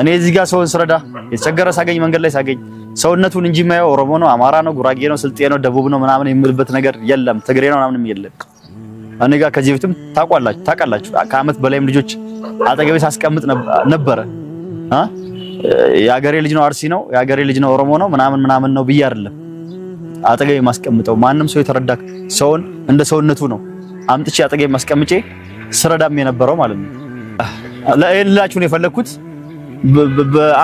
እኔ እዚህ ጋር ሰውን ስረዳ የተቸገረ ሳገኝ መንገድ ላይ ሳገኝ ሰውነቱን እንጂ የማየው ኦሮሞ ነው፣ አማራ ነው፣ ጉራጌ ነው፣ ስልጤ ነው፣ ደቡብ ነው ምናምን የምልበት ነገር የለም። ትግሬ ነው ምናምንም የለም። እኔ ጋር ከዚህ በፊትም ታውቋላችሁ ታውቃላችሁ። ከአመት በላይም ልጆች አጠገቤ ሳስቀምጥ ነበረ። የአገሬ ልጅ ነው፣ አርሲ ነው፣ የአገሬ ልጅ ነው፣ ኦሮሞ ነው ምናምን ምናምን ነው ብዬ አይደለም አጠገቤ ማስቀምጠው። ማንም ሰው የተረዳ ሰውን እንደ ሰውነቱ ነው አምጥቼ አጠገቤ ማስቀምጬ ስረዳም የነበረው ማለት ነው። ለእላችሁ ነው የፈለኩት።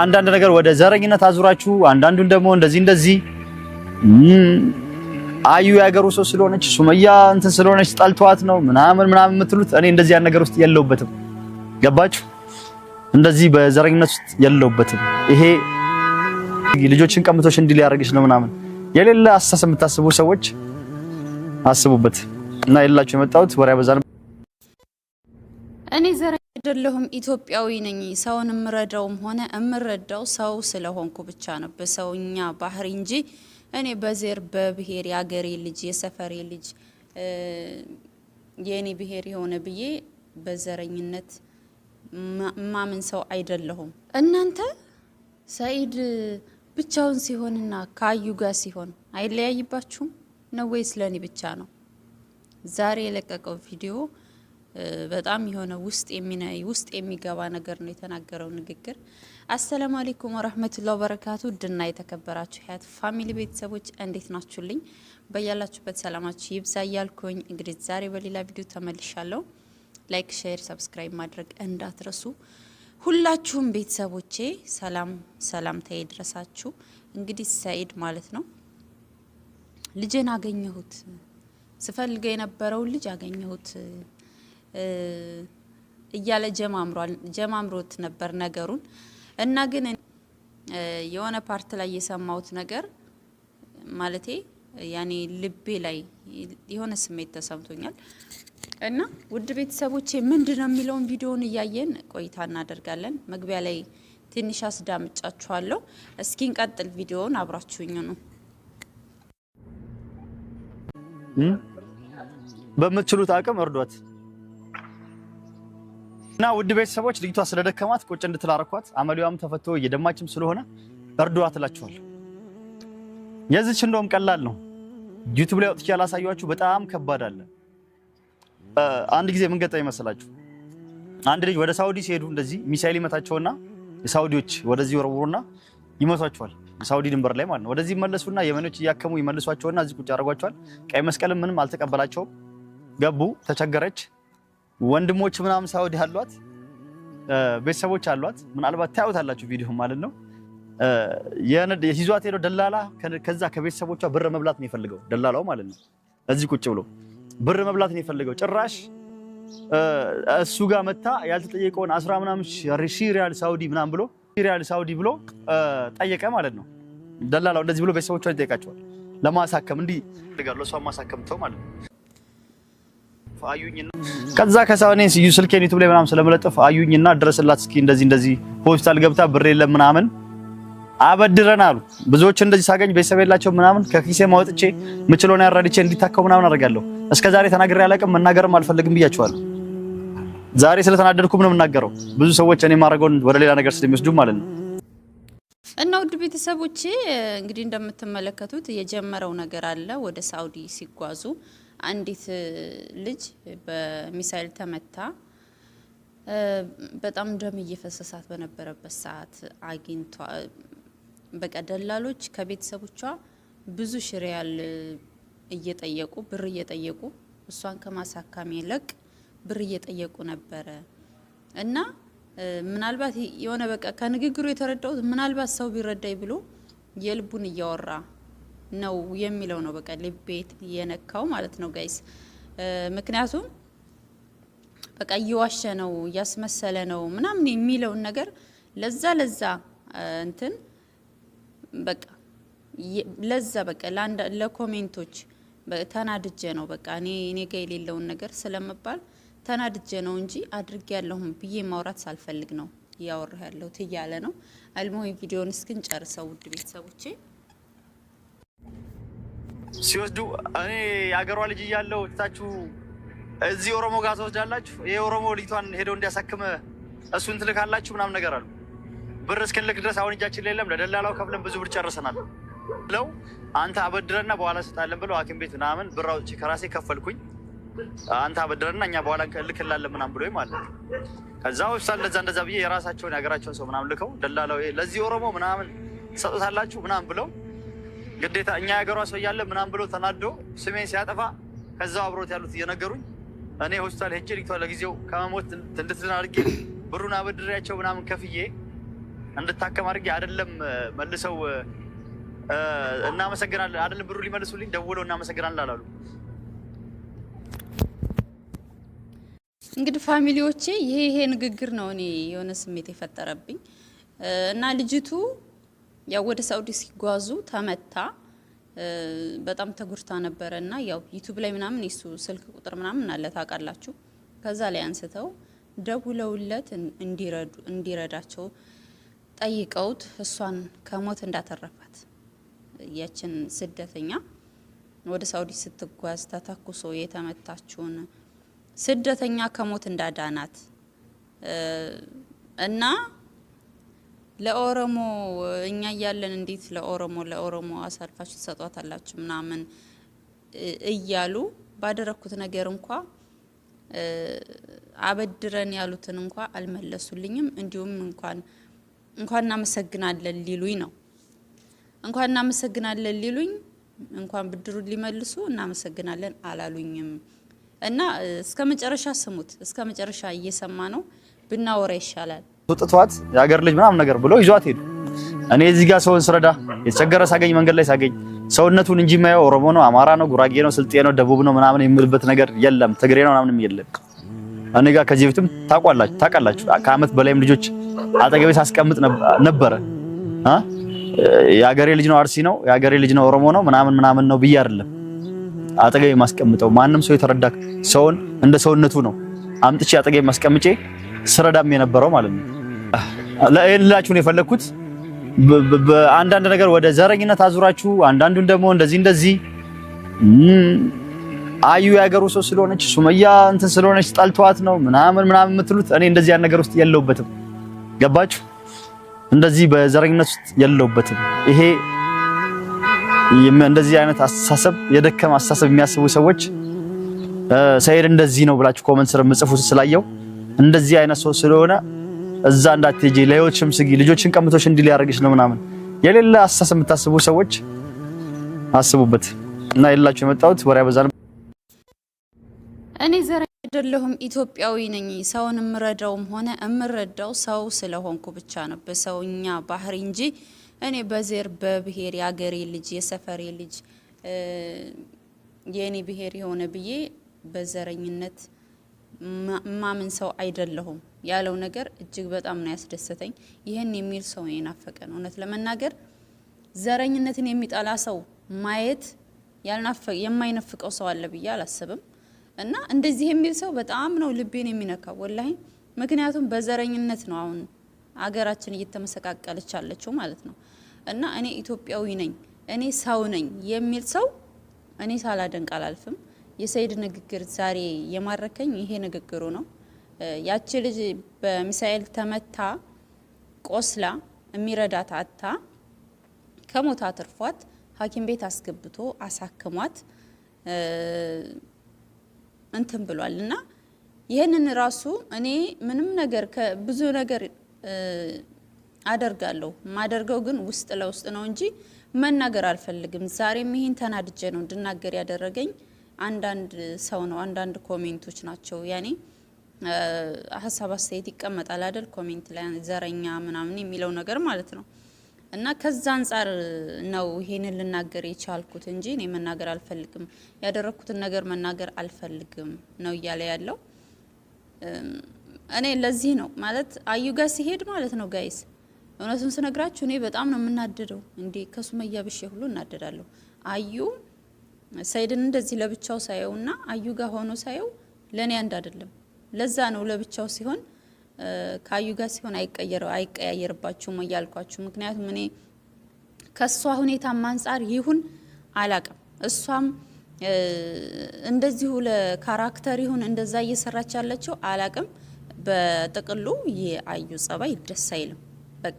አንዳንድ ነገር ወደ ዘረኝነት አዙራችሁ፣ አንዳንዱን ደግሞ እንደዚህ እንደዚህ አዩ የሀገሩ ሰው ስለሆነች ሱመያ እንትን ስለሆነች ጠልቷት ነው ምናምን ምናምን የምትሉት እኔ እንደዚህ ያን ነገር ውስጥ የለውበትም። ገባችሁ? እንደዚህ በዘረኝነት ውስጥ የለውበትም። ይሄ ልጆችን ቀምቶች እንዲል ሊያደርግሽ ነው ምናምን የሌለ አስተሳሰብ የምታስቡ ሰዎች አስቡበት እና የሌላችሁ የመጣሁት ወሬ አበዛን እኔ አይደለሁም ኢትዮጵያዊ ነኝ። ሰውን እምረዳውም ሆነ እምረዳው ሰው ስለሆንኩ ብቻ ነው በሰውኛ ባህሪ እንጂ እኔ በዘር በብሔር የአገሬ ልጅ የሰፈሬ ልጅ የእኔ ብሔር የሆነ ብዬ በዘረኝነት ማምን ሰው አይደለሁም። እናንተ ሰኢድ ብቻውን ሲሆንና ከአዩ ጋር ሲሆን አይለያይባችሁም ነው ወይስ ለእኔ ብቻ ነው? ዛሬ የለቀቀው ቪዲዮ በጣም የሆነ ውስጥ ውስጥ የሚገባ ነገር ነው የተናገረው ንግግር። አሰላሙ አሌይኩም ወረህመቱላ ወበረካቱ ድና የተከበራችሁ ሀያት ፋሚሊ ቤተሰቦች እንዴት ናችሁልኝ? በያላችሁበት ሰላማችሁ ይብዛ እያልኩኝ እንግዲህ ዛሬ በሌላ ቪዲዮ ተመልሻለሁ። ላይክ፣ ሼር፣ ሰብስክራይብ ማድረግ እንዳትረሱ ሁላችሁም ቤተሰቦቼ። ሰላም ሰላምታ ይድረሳችሁ። እንግዲህ ሰኢድ ማለት ነው ልጄን አገኘሁት፣ ስፈልገው የነበረውን ልጅ አገኘሁት እያለ ጀማምሯል ጀማምሮት ነበር ነገሩን እና ግን የሆነ ፓርት ላይ የሰማሁት ነገር ማለቴ ያኔ ልቤ ላይ የሆነ ስሜት ተሰምቶኛል። እና ውድ ቤተሰቦቼ ምንድን ነው የሚለውን ቪዲዮውን እያየን ቆይታ እናደርጋለን። መግቢያ ላይ ትንሽ አስዳምጫችኋለሁ። እስኪ እንቀጥል፣ ቪዲዮውን አብራችሁኝ ነው። በምትችሉት አቅም እርዷት። እና ውድ ቤተሰቦች ልጅቷ ስለደከማት ቁጭ እንድትላረኳት አመሊዋም ተፈቶ እየደማችም ስለሆነ እርዷ ትላችኋል። የዚች እንደውም ቀላል ነው። ዩቱብ ላይ ወጥቼ ያላሳያችሁ በጣም ከባድ አለ። አንድ ጊዜ ምን ይመስላችሁ? አንድ ልጅ ወደ ሳውዲ ሲሄዱ እንደዚህ ሚሳኤል ይመታቸውና የሳውዲዎች ወደዚህ ወረውሩና ይመቷቸዋል። ሳውዲ ድንበር ላይ ማለት ነው። ወደዚህ ይመለሱና የመኖች እያከሙ ይመልሷቸውና እዚህ ቁጭ ያደርጓቸዋል። ቀይ መስቀልም ምንም አልተቀበላቸውም። ገቡ፣ ተቸገረች ወንድሞች ምናምን ሳውዲ አሏት፣ ቤተሰቦች አሏት። ምናልባት ታዩታላችሁ ቪዲዮ ማለት ነው። ይዟት ሄደው ደላላ ከዛ ከቤተሰቦቿ ብር መብላት ነው የፈልገው ደላላው ማለት ነው። እዚህ ቁጭ ብሎ ብር መብላት ነው የፈልገው። ጭራሽ እሱ ጋር መታ ያልተጠየቀውን አስራ ምናምን ሺህ ሪያል ሳውዲ ምናምን ብሎ ሪያል ሳውዲ ብሎ ጠየቀ ማለት ነው። ደላላው እንደዚህ ብሎ ቤተሰቦቿን ይጠይቃቸዋል ለማሳከም እንዲህ ለእሷ ማሳከም ተው ማለት ነው ከዛ ከሳኔ ስዩ ስልኬን ዩቲዩብ ላይ ምናምን ስለመለጠፍ አዩኝና ድረስላት እስኪ እንደዚህ እንደዚህ ሆስፒታል ገብታ ብር የለም ምናምን አበድረን አሉ። ብዙዎች እንደዚህ ሳገኝ ቤተሰብ የላቸው ምናምን ከኪሴ ማወጥቼ ምችሎን ያራድቼ እንዲታከው ምናምን አደርጋለሁ። እስከ ዛሬ ተናግሬ አላውቅም፣ መናገርም አልፈልግም ብያቸዋለሁ። ዛሬ ስለተናደድኩም ነው የምናገረው ብዙ ሰዎች እኔ ማድረገውን ወደ ሌላ ነገር ስለሚወስዱ ማለት ነው። እና ውድ ቤተሰቦቼ እንግዲህ እንደምትመለከቱት የጀመረው ነገር አለ ወደ ሳውዲ ሲጓዙ አንዲት ልጅ በሚሳኤል ተመታ። በጣም ደም እየፈሰሳት በነበረበት ሰዓት አግኝቷ በቃ ደላሎች ከቤተሰቦቿ ብዙ ሺህ ሪያል እየጠየቁ ብር እየጠየቁ እሷን ከማሳካም ይልቅ ብር እየጠየቁ ነበረ እና ምናልባት የሆነ በቃ ከንግግሩ የተረዳሁት ምናልባት ሰው ቢረዳኝ ብሎ የልቡን እያወራ ነው የሚለው ነው በቃ ልቤት እየነካው ማለት ነው ጋይስ። ምክንያቱም በቃ እየዋሸ ነው እያስመሰለ ነው ምናምን የሚለውን ነገር ለዛ ለዛ እንትን በቃ ለዛ በቃ ለኮሜንቶች ተናድጄ ነው በቃ እኔ እኔ ጋ የሌለውን ነገር ስለምባል ተናድጄ ነው እንጂ አድርጌ ያለሁም ብዬ ማውራት ሳልፈልግ ነው እያወራ ያለሁት እያለ ነው። አልሞ ቪዲዮን ጨርሰው ውድ ቤተሰቦቼ ሲወስዱ እኔ የአገሯ ልጅ እያለው ታችሁ እዚህ ኦሮሞ ጋር ትወስዳላችሁ፣ የኦሮሞ ኦሮሞ ልጅቷን ሄደው እንዲያሳክመ እሱን ትልካላችሁ ምናምን ነገር አሉ። ብር እስክንልክ ድረስ አሁን እጃችን ሌለም ለደላላው ከፍለን ብዙ ብር ጨርሰናል ብለው አንተ አበድረና በኋላ ስጣለን ብለው ሐኪም ቤት ምናምን ብር አውጥቼ ከራሴ ከፈልኩኝ። አንተ አበድረና እኛ በኋላ ልክላለን ምናምን ብሎ ማለት ከዛ ውሳ እንደዛ እንደዛ ብዬ የራሳቸውን የሀገራቸውን ሰው ምናምን ልከው ደላላው ለዚህ ኦሮሞ ምናምን ትሰጡታላችሁ ምናምን ብለው ግዴታ እኛ የሀገሯ ሰው እያለ ምናምን ብሎ ተናዶ ስሜን ሲያጠፋ ከዛው አብሮት ያሉት እየነገሩኝ እኔ ሆስፒታል ሄጄ ልጅቷ ለጊዜው ከመሞት እንድትን አድርጌ ብሩን አበድሬያቸው ምናምን ከፍዬ እንድታከም አድርጌ አይደለም መልሰው እናመሰግናለን አይደለም ብሩ ሊመልሱልኝ ደውለው እናመሰግናለን አላሉ። እንግዲህ ፋሚሊዎቼ ይሄ ይሄ ንግግር ነው እኔ የሆነ ስሜት የፈጠረብኝ እና ልጅቱ ያው ወደ ሳውዲ ሲጓዙ ተመታ። በጣም ተጉርታ ነበረ እና ያው ዩቱብ ላይ ምናምን የሱ ስልክ ቁጥር ምናምን አለ ታውቃላችሁ። ከዛ ላይ አንስተው ደውለውለት እንዲረዳቸው ጠይቀውት እሷን ከሞት እንዳተረፋት ያችን ስደተኛ ወደ ሳውዲ ስትጓዝ ተተኩሶ የተመታችውን ስደተኛ ከሞት እንዳዳናት እና ለኦሮሞ እኛ እያለን እንዴት ለኦሮሞ ለኦሮሞ አሳልፋችሁ ትሰጧታላችሁ ምናምን እያሉ ባደረግኩት ነገር እንኳ አበድረን ያሉትን እንኳ አልመለሱልኝም። እንዲሁም እንኳን እንኳን እናመሰግናለን ሊሉኝ ነው እንኳን እናመሰግናለን ሊሉኝ እንኳን ብድሩን ሊመልሱ እናመሰግናለን አላሉኝም። እና እስከ መጨረሻ ስሙት፣ እስከ መጨረሻ እየሰማ ነው ብናወራ ይሻላል። ውጥቷት የሀገር ልጅ ምናምን ነገር ብሎ ይዟት ሄዱ። እኔ እዚህ ጋር ሰውን ስረዳ የተቸገረ ሳገኝ መንገድ ላይ ሳገኝ ሰውነቱን እንጂ የማየው ኦሮሞ ነው፣ አማራ ነው፣ ጉራጌ ነው፣ ስልጤ ነው፣ ደቡብ ነው ምናምን የምልበት ነገር የለም። ትግሬ ነው ምናምንም የለም። እኔ ጋር ከዚህ በፊትም ታቋላችሁ ታውቃላችሁ። ከአመት በላይም ልጆች አጠገቤ ሳስቀምጥ ነበረ። የሀገሬ ልጅ ነው፣ አርሲ ነው፣ የሀገሬ ልጅ ነው፣ ኦሮሞ ነው ምናምን ምናምን ነው ብዬ አይደለም አጠገቤ ማስቀምጠው። ማንም ሰው የተረዳ ሰውን እንደ ሰውነቱ ነው አምጥቼ አጠገቤ ማስቀምጬ ስረዳም የነበረው ማለት ነው። ነው የፈለኩት አንዳንድ ነገር ወደ ዘረኝነት አዙራችሁ አንዳንዱን ደግሞ እንደዚህ እንደዚህ አዩ የሀገሩ ሰው ስለሆነች ሱመያ እንትን ስለሆነች ጠልተዋት ነው ምናምን ምናምን የምትሉት እኔ እንደዚህ ያን ነገር ውስጥ የለውበትም። ገባችሁ? እንደዚህ በዘረኝነት ውስጥ የለውበትም። ይሄ እንደዚህ አይነት አስተሳሰብ የደከመ አስተሳሰብ የሚያስቡ ሰዎች ሰይድ እንደዚህ ነው ብላችሁ ኮመንት ስር የምጽፉት ስላየው እንደዚህ አይነት ሰው ስለሆነ እዛ እንዳትሄጂ፣ ለህይወትሽም ስጊ፣ ልጆችን ቀምቶሽ እንዲህ ሊያደርግሽ ነው ምናምን የሌለ አስተሳሰብ የምታስቡ ሰዎች አስቡበት እና የሌላችሁ የመጣሁት ወሬ በዛን እኔ ዘር አይደለሁም፣ ኢትዮጵያዊ ነኝ። ሰውን እምረዳውም ሆነ እምረዳው ሰው ስለሆንኩ ብቻ ነው በሰውኛ ባህሪ እንጂ እኔ በዘር በብሔር የአገሬ ልጅ የሰፈሬ ልጅ የእኔ ብሔር የሆነ ብዬ በዘረኝነት ማምን ሰው አይደለሁም ያለው ነገር እጅግ በጣም ነው ያስደሰተኝ። ይህን የሚል ሰው የናፈቀን እውነት ለመናገር ዘረኝነትን የሚጠላ ሰው ማየት የማይነፍቀው ሰው አለ ብዬ አላስብም። እና እንደዚህ የሚል ሰው በጣም ነው ልቤን የሚነካው ወላሂ። ምክንያቱም በዘረኝነት ነው አሁን አገራችን እየተመሰቃቀለች አለችው ማለት ነው። እና እኔ ኢትዮጵያዊ ነኝ፣ እኔ ሰው ነኝ የሚል ሰው እኔ ሳላደንቅ አላልፍም። የሰይድ ንግግር ዛሬ የማረከኝ ይሄ ንግግሩ ነው። ያቺ ልጅ በሚሳኤል ተመታ ቆስላ የሚረዳት አታ ከሞት አትርፏት ሐኪም ቤት አስገብቶ አሳክሟት እንትን ብሏል እና ይህንን ራሱ እኔ ምንም ነገር ብዙ ነገር አደርጋለሁ ማደርገው ግን ውስጥ ለውስጥ ነው እንጂ መናገር አልፈልግም። ዛሬም ይህን ተናድጄ ነው እንድናገር ያደረገኝ። አንዳንድ ሰው ነው አንዳንድ ኮሜንቶች ናቸው ያኔ ሀሳብ አስተያየት ይቀመጣል አይደል? ኮሜንት ላይ ዘረኛ ምናምን የሚለው ነገር ማለት ነው። እና ከዛ አንጻር ነው ይሄንን ልናገር የቻልኩት እንጂ እኔ መናገር አልፈልግም፣ ያደረግኩትን ነገር መናገር አልፈልግም ነው እያለ ያለው። እኔ ለዚህ ነው ማለት አዩ ጋር ሲሄድ ማለት ነው ጋይስ፣ እውነቱን ስነግራችሁ እኔ በጣም ነው የምናደደው። እንዴ ከሱመያ ብሼ ሁሉ እናደዳለሁ አዩ ሰይድን እንደዚህ ለብቻው ሳየውና አዩ ጋር ሆኖ ሳየው ለእኔ አንድ አይደለም። ለዛ ነው ለብቻው ሲሆን ከአዩ ጋር ሲሆን አይቀየረው አይቀያየርባችሁም እያልኳችሁ። ምክንያቱም እኔ ከእሷ ሁኔታም አንጻር ይሁን አላቅም እሷም እንደዚሁ ለካራክተር ይሁን እንደዛ እየሰራች ያለችው አላቅም። በጥቅሉ የአዩ ጸባይ ደስ አይልም። በቃ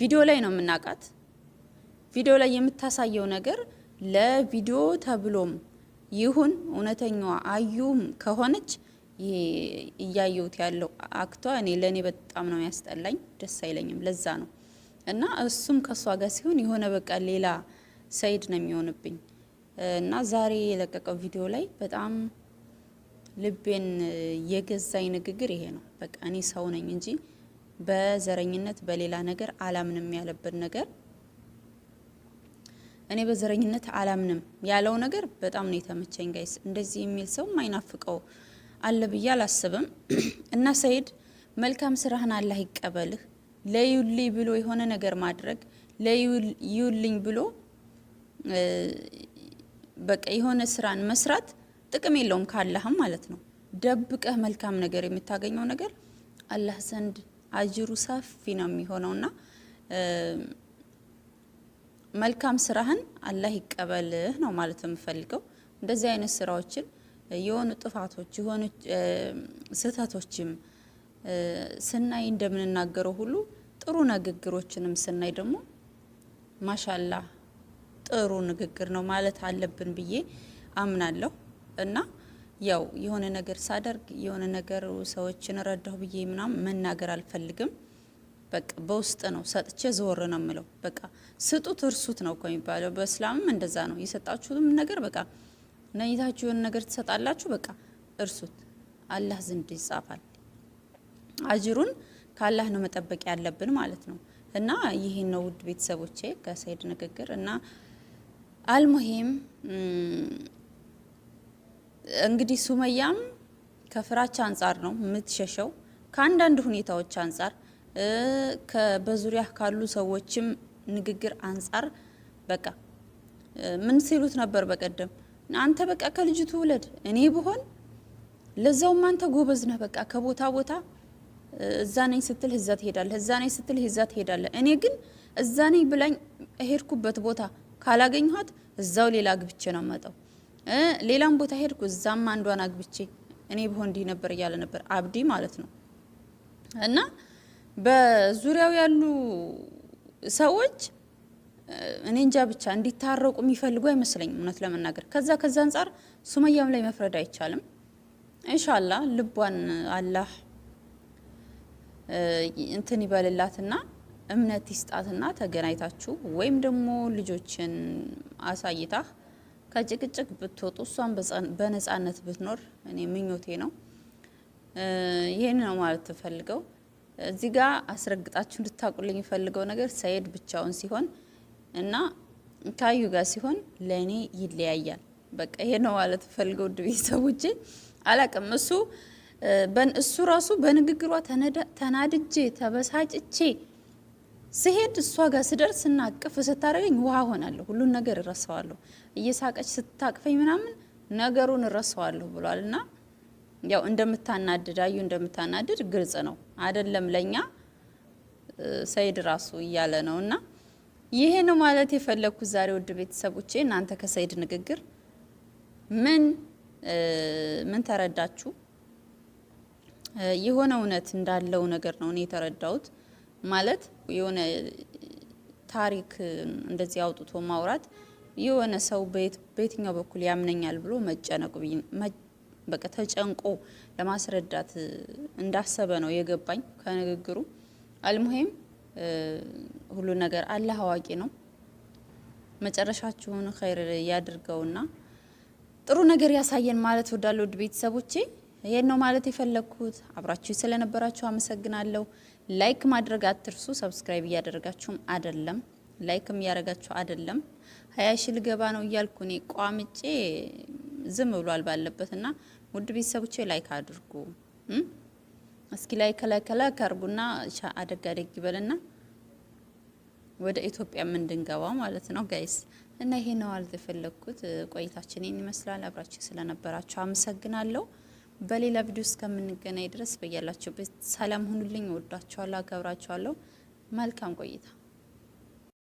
ቪዲዮ ላይ ነው የምናውቃት። ቪዲዮ ላይ የምታሳየው ነገር ለቪዲዮ ተብሎም ይሁን እውነተኛዋ አዩም ከሆነች እያየሁት ያለው አክቷ እኔ ለእኔ በጣም ነው ያስጠላኝ፣ ደስ አይለኝም። ለዛ ነው እና እሱም ከእሷ ጋር ሲሆን የሆነ በቃ ሌላ ሰይድ ነው የሚሆንብኝ እና ዛሬ የለቀቀው ቪዲዮ ላይ በጣም ልቤን የገዛኝ ንግግር ይሄ ነው። በቃ እኔ ሰው ነኝ እንጂ በዘረኝነት በሌላ ነገር አላምንም ያለብን ነገር እኔ በዘረኝነት አላምንም ያለው ነገር በጣም ነው የተመቸኝ። ጋይስ እንደዚህ የሚል ሰው ማይናፍቀው አለ ብዬ አላስብም። እና ሰይድ መልካም ስራህን አላህ ይቀበልህ። ለዩልኝ ብሎ የሆነ ነገር ማድረግ ለዩልኝ ብሎ በቃ የሆነ ስራን መስራት ጥቅም የለውም ካላህም ማለት ነው። ደብቀህ መልካም ነገር የምታገኘው ነገር አላህ ዘንድ አጅሩ ሰፊ ነው የሚሆነውና መልካም ስራህን አላህ ይቀበልህ ነው ማለት የምፈልገው። እንደዚህ አይነት ስራዎችን የሆኑ ጥፋቶች የሆኑ ስህተቶችም ስናይ እንደምንናገረው ሁሉ ጥሩ ንግግሮችንም ስናይ ደግሞ ማሻላ ጥሩ ንግግር ነው ማለት አለብን ብዬ አምናለሁ። እና ያው የሆነ ነገር ሳደርግ የሆነ ነገር ሰዎችን ረዳሁ ብዬ ምናምን መናገር አልፈልግም። በቃ በውስጥ ነው ሰጥቼ ዘወር ነው የምለው። በቃ ስጡት እርሱት ነው እኮ የሚባለው። በእስላምም እንደዛ ነው። የሰጣችሁትም ነገር በቃ ነኝታችሁን ነገር ትሰጣላችሁ። በቃ እርሱት፣ አላህ ዘንድ ይጻፋል። አጅሩን ከአላህ ነው መጠበቅ ያለብን ማለት ነው። እና ይህን ነው ውድ ቤተሰቦቼ ከሰይድ ንግግር እና አልሙሂም እንግዲህ ሱመያም ከፍራቻ አንጻር ነው የምትሸሸው ከአንዳንድ ሁኔታዎች አንጻር በዙሪያ ካሉ ሰዎችም ንግግር አንጻር በቃ ምን ሲሉት ነበር በቀደም አንተ በቃ ከልጅቱ ውለድ እኔ ብሆን ለዛውም አንተ ጎበዝ ነህ በቃ ከቦታ ቦታ እዛ ነኝ ስትል እዛ ትሄዳለህ፣ እዛ ነኝ ስትል እዛ ትሄዳለህ። እኔ ግን እዛ ነኝ ብላኝ ሄድኩበት ቦታ ካላገኘኋት እዛው ሌላ አግብቼ ነው መጣው። ሌላም ቦታ ሄድኩ፣ እዛም አንዷን አግብቼ እኔ ብሆን እንዲህ ነበር እያለ ነበር አብዲ ማለት ነው እና በዙሪያው ያሉ ሰዎች እኔ እንጃ ብቻ እንዲታረቁ የሚፈልጉ አይመስለኝም እውነት ለመናገር ከዛ ከዛ አንጻር ሱመያም ላይ መፍረድ አይቻልም። እንሻላ ልቧን አላህ እንትን ይበልላትና እምነት ይስጣትና ተገናኝታችሁ ወይም ደግሞ ልጆችን አሳይታ ከጭቅጭቅ ብትወጡ እሷን በነጻነት ብትኖር እኔ ምኞቴ ነው። ይህን ነው ማለት ትፈልገው። እዚህ ጋር አስረግጣችሁ እንድታቁልኝ የፈልገው ነገር ሰኢድ ብቻውን ሲሆን እና ካዩ ጋር ሲሆን ለእኔ ይለያያል። በቃ ይሄ ነው ማለት ፈልገው ድ ቤተሰቦቼ። አላቅም እሱ እሱ ራሱ በንግግሯ ተናድጄ ተበሳጭቼ ስሄድ እሷ ጋር ስደርስ ስናቅፍ ስታደርገኝ ውሃ ሆናለሁ፣ ሁሉን ነገር እረሳዋለሁ። እየሳቀች ስታቅፈኝ ምናምን ነገሩን እረሳዋለሁ ብሏል እና ያው እንደምታናድድ አዩ እንደምታናድድ ግልጽ ነው። አይደለም ለኛ ሰይድ ራሱ እያለ ነው። እና ይሄ ነው ማለት የፈለግኩት ዛሬ ውድ ቤተሰቦቼ፣ እናንተ ከሰይድ ንግግር ምን ምን ተረዳችሁ? የሆነ እውነት እንዳለው ነገር ነው እኔ የተረዳሁት። ማለት የሆነ ታሪክ እንደዚህ አውጥቶ ማውራት የሆነ ሰው በየትኛው በኩል ያምነኛል ብሎ መጨነቁ በቃ ተጨንቆ ለማስረዳት እንዳሰበ ነው የገባኝ ከንግግሩ። አልሙሄም ሁሉ ነገር አላህ አዋቂ ነው። መጨረሻችሁን ኸይር ያድርገውና ጥሩ ነገር ያሳየን ማለት ወዳለ ውድ ቤተሰቦቼ ይሄን ነው ማለት የፈለግኩት። አብራችሁ ስለነበራችሁ አመሰግናለሁ። ላይክ ማድረግ አትርሱ። ሰብስክራይብ እያደረጋችሁም አይደለም፣ ላይክም እያደረጋችሁ አይደለም። ሀያ ሺ ልገባ ነው እያልኩ እኔ ቋምጬ ዝም ብሏል ባለበትና ውድ ቤተሰቦች ላይክ አድርጉ። እስኪ ላይ ከለከለ ሻ አደግ አደግ ይበልና ወደ ኢትዮጵያ እንድንገባ ማለት ነው ጋይስ። እና ይሄ ነው አልተፈለግኩት። ቆይታችን ይህን ይመስላል። አብራችሁ ስለነበራችሁ አመሰግናለሁ። በሌላ ቪዲዮ እስከምንገናኝ ድረስ በያላችሁበት ሰላም ሁኑልኝ። ወዳችኋለሁ፣ አከብራችኋለሁ። መልካም ቆይታ